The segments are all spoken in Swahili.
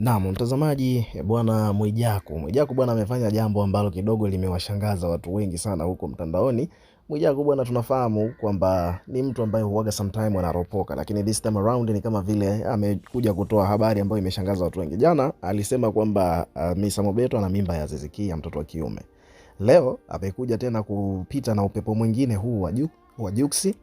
Naam, mtazamaji bwana Mwijaku. Mwijaku bwana amefanya jambo ambalo kidogo limewashangaza watu wengi sana huko mtandaoni. Mwijaku bwana, tunafahamu kwamba ni mtu ambaye huaga sometime anaropoka, lakini this time around ni kama vile amekuja kutoa habari ambayo imeshangaza watu wengi. Jana alisema kwamba uh, Misa Mobeto ana mimba ya Azizi Ki ya mtoto wa kiume. Leo amekuja tena kupita na upepo mwingine huu wa juksi,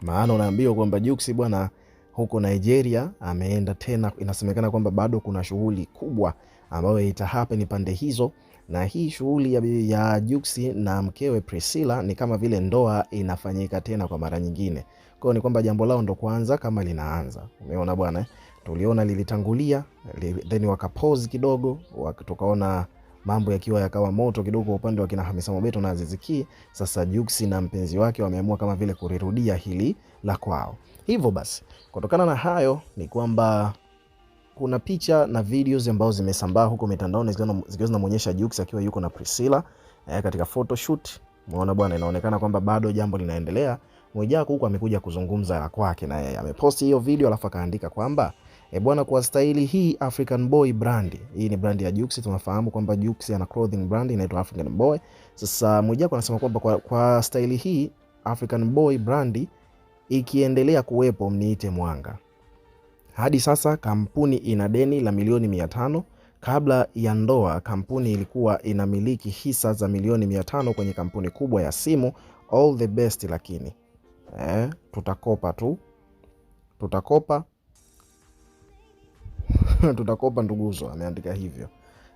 maana unaambiwa kwamba juksi bwana huko Nigeria ameenda tena, inasemekana kwamba bado kuna shughuli kubwa ambayo itahapeni pande hizo, na hii shughuli ya, ya Juksi na mkewe Priscilla ni kama vile ndoa inafanyika tena kwa mara nyingine. Kwa hiyo ni kwamba jambo lao ndo kwanza kama linaanza. Umeona bwana, tuliona lilitangulia li, then wakapause kidogo, tukaona mambo yakiwa yakawa moto kidogo kwa upande wa kina Hamisa Mobeto na Aziz Ki. Sasa Juksi na mpenzi wake wameamua kama vile kulirudia hili la kwao. Hivyo basi, kutokana na hayo ni kwamba kuna picha na videos ambazo zimesambaa huko mitandaoni zikiwa zinamuonyesha Juksi akiwa yuko na Priscilla eh, katika photoshoot. Umeona bwana, inaonekana kwamba bado jambo linaendelea. Mwijaku huko amekuja kuzungumza la kwake, na yeye ameposti hiyo video alafu akaandika kwamba E bwana, kwa staili hii African Boy brand hii ni brand ya Jux. Tunafahamu kwamba Jux ana clothing brand inaitwa African Boy. Sasa Mwijaku anasema kwamba kwa, kwa staili hii African Boy brand ikiendelea kuwepo mniite mwanga. Hadi sasa kampuni ina deni la milioni mia tano. Kabla ya ndoa kampuni ilikuwa inamiliki hisa za milioni mia tano kwenye kampuni kubwa ya simu All the best, lakini eh, tutakopa tu, tutakopa tutakopa nduguzo, ameandika hivyo.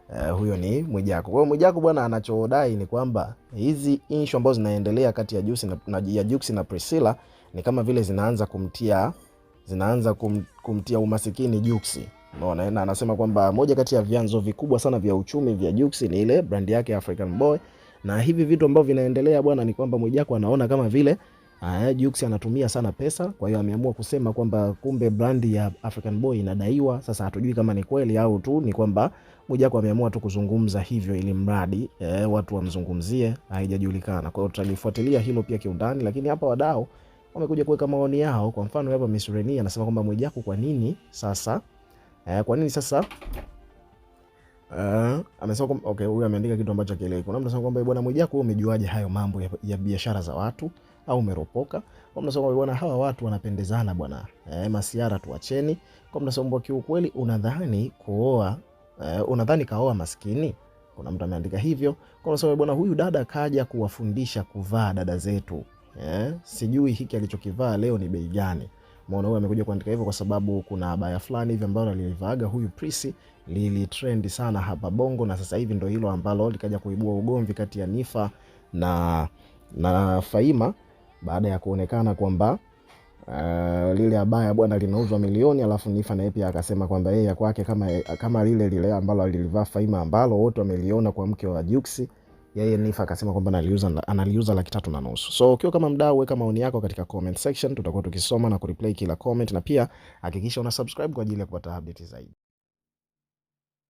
Uh, huyo ni Mwijaku. Kwa hiyo Mwijaku bwana anachodai ni kwamba hizi issue ambazo zinaendelea kati ya Jux na, na, ya Jux na Priscilla ni kama vile zinaanza kumtia zinaanza kum, kumtia umasikini Jux. Unaona, na anasema kwamba moja kati ya vyanzo vikubwa sana vya uchumi vya Jux ni ile brand yake African Boy, na hivi vitu ambavyo vinaendelea bwana ni kwamba Mwijaku anaona kama vile Ah, eh, Jux anatumia sana pesa, kwa hiyo ameamua kusema kwamba kumbe brandi ya African Boy inadaiwa. Sasa hatujui kama ni kweli au tu ni kwamba Mwijaku ameamua tu kuzungumza hivyo ili mradi e, watu wamzungumzie, haijajulikana. Kwa hiyo tutalifuatilia hilo pia kiundani, lakini hapa wadau wamekuja kuweka maoni yao. Kwa mfano hapa Miss Reni anasema kwamba Mwijaku, kwa nini sasa e, kwa nini sasa e, amesema okay, huyu ameandika kitu ambacho kieleweki. Kuna mtu anasema kwamba eh, bwana Mwijaku, umejuaje hayo mambo ya, ya biashara za watu au umeropoka? Kwa mtu anasema bwana, hawa watu wanapendezana bwana, eh, masiara tuacheni. Kwa mtu anasema kiukweli, unadhani kuoa eh, unadhani kaoa maskini? Kuna mtu ameandika hivyo. Kwa mtu anasema bwana, huyu dada kaja kuwafundisha kuvaa dada zetu, eh, sijui hiki alichokivaa leo ni bei gani? Maana huyu amekuja kuandika hivyo kwa sababu kuna abaya fulani hivi ambalo alilivaaga huyu Prissy lilitrend sana hapa Bongo, na sasa hivi ndo hilo ambalo likaja kuibua ugomvi kati ya Nifa na, na Faima baada ya kuonekana kwamba Uh, lile abaya bwana linauzwa milioni, alafu Nifa naye pia akasema kwamba yeye kwake kama, kama lile lile ambalo alilivaa Faima ambalo wote wameliona kwa mke wa Juksi yeye Nifa akasema kwamba analiuza, analiuza laki tatu na nusu. So ukiwa kama mdau, weka maoni yako katika comment section, tutakuwa tukisoma na kureplay kila comment, na pia hakikisha una subscribe kwa ajili ya kupata update zaidi.